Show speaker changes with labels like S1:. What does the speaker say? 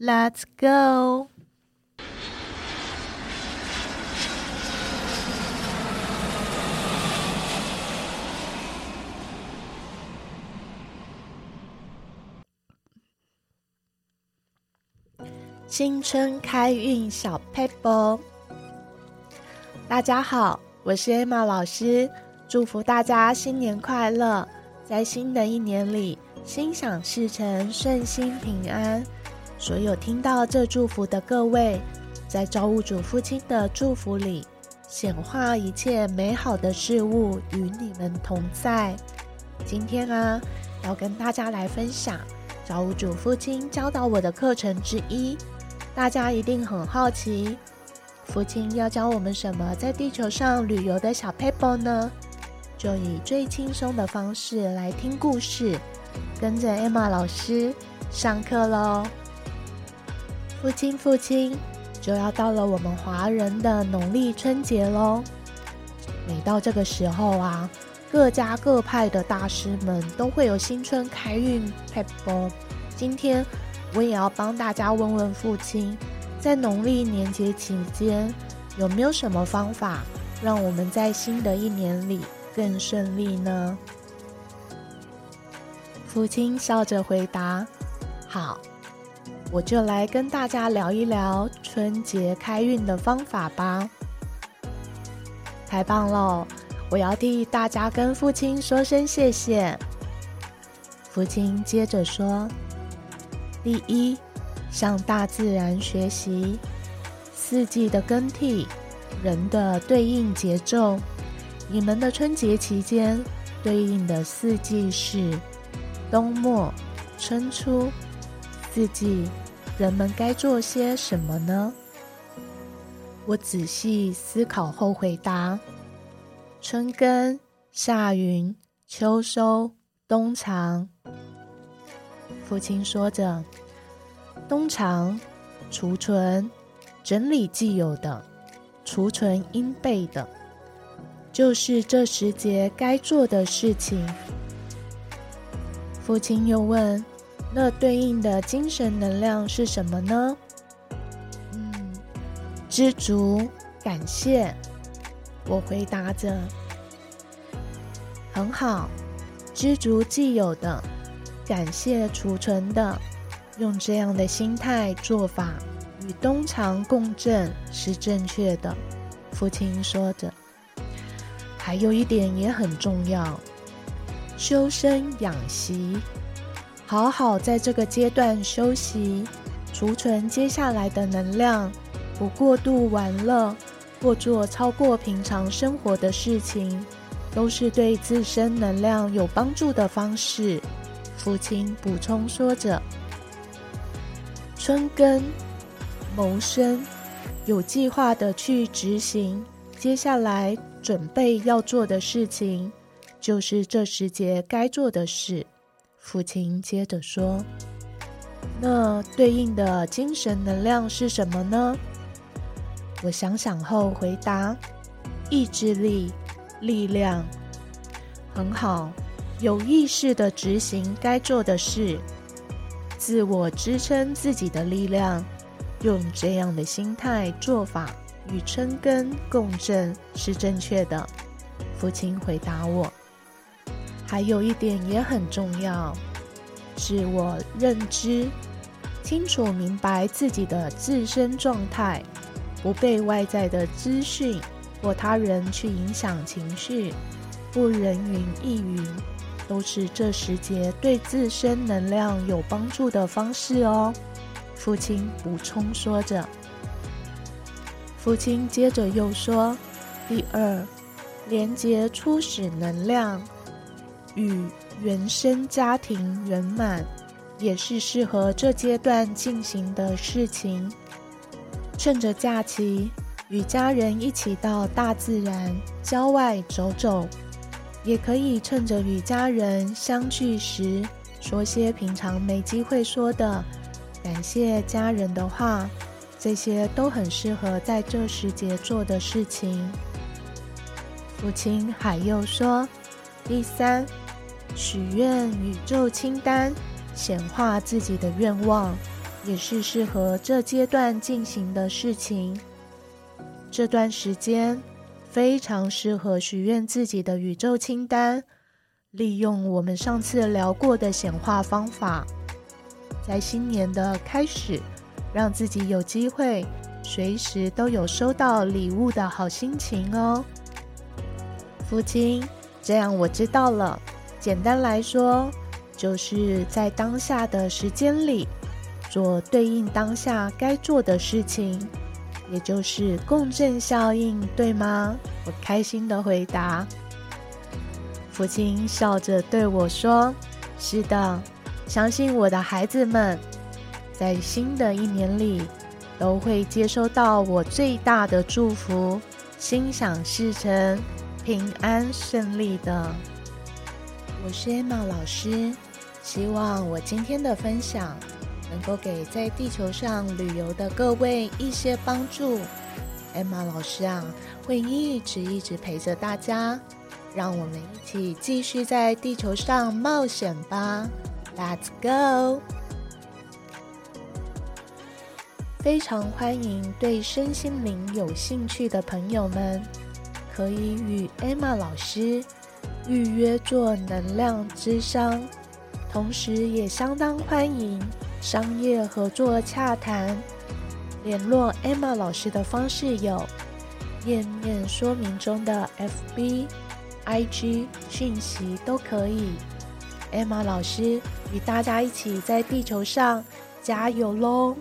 S1: Let's go！新春開運小撇步，大家好，我是 Emma 老師，祝福大家新年快樂，在新的一年裡心想事成，順心平安。所有聽到這祝福的各位，在造物主父親的祝福裡，顯化一切美好的事物與你們同在。今天啊，要跟大家來分享造物主父親教導我的課程之一。大家一定很好奇，父親要教我們什麼？在地球上旅遊的小撇步呢？就以最輕鬆的方式來聽故事，跟着 Emma 老師上課嘍。父親，父親，就要到了我們華人的農曆春節嘍。每到這個時候啊，各家各派的大師們都會有新春開運撇步。今天我也要幫大家問問父親，在農曆年節期間有沒有什麼方法，讓我們在新的一年裡更順利呢？父親笑着回答：“好。”我就來跟大家聊一聊春節開運的方法吧。太棒了！我要替大家跟父親說聲謝謝。父親接着說：“第一，向大自然學習，四季的更替，人的對應節奏。你們的春節期間對應的四季是冬末春初。”四季，人們該做些什麼呢？我仔細思考後回答：“春耕、夏耘、秋收、冬藏。”父親說着：“冬藏，儲存、整理既有的，儲存應備的，就是這時節該做的事情。”父親又問。那對應的精神能量是什麼呢？嗯，知足，感謝。我回答着。很好，知足既有的，感謝儲存的，用這樣的心態做法與冬藏共振是正確的。父親說着，還有一點也很重要，修身養息。好好在這個階段休息，儲存接下來的能量，不過度玩樂，或做超過平常生活的事情，都是對自身能量有幫助的方式。父親補充說着：“春耕，謀生，有計劃的去執行，接下來準備要做的事情，就是這時節該做的事。”父親接着說：“那對應的精神能量是什麼呢？”我想想後回答：“意志力、力量。”很好，有意識的執行該做的事，自我支撐自己的力量，用這樣的心態做法與春耕共振是正確的。”父親回答我。還有一點也很重要，自我認知，清楚明白自己的自身狀態，不被外在的資訊或他人去影響情緒，不人云亦云，都是這時節對自身能量有幫助的方式哦。父親補充說着。父親接着又說：“第二，連結初始能量。”與原生家庭圓滿，也是適合這階段進行的事情。趁着假期，與家人一起到大自然郊外走走，也可以趁着與家人相聚時，說些平常沒機會說的感謝家人的話。這些都很適合在這時節做的事情。父親還有說：“第三。”許願宇宙清單，顯化自己的願望，也是適合這階段進行的事情。這段時間非常適合許願自己的宇宙清單，利用我們上次聊過的顯化方法，在新年的開始，讓自己有機會隨時都有收到禮物的好心情哦。父親，這樣我知道了。簡單來說，就是在當下的時間裡做對應當下該做的事情，也就是共振效應，對嗎？我開心地回答。父親笑着對我說：“是的，相信我的孩子們，在新的一年裡都會接收到我最大的祝福，心想事成，平安順利的。”我是 Emma 老師，希望我今天的分享能夠給在地球上旅遊的各位一些幫助。Emma 老師啊，會一直一直陪着大家，讓我們一起繼續在地球上冒險吧！Let's go！非常歡迎對身心靈有興趣的朋友們，可以與 Emma 老師，預約做能量諮商，同時也相當歡迎商業合作洽談。聯絡 Emma 老師的方式有頁面說明中的 FB、IG 訊息都可以。Emma 老師與大家一起在地球上加油嘍！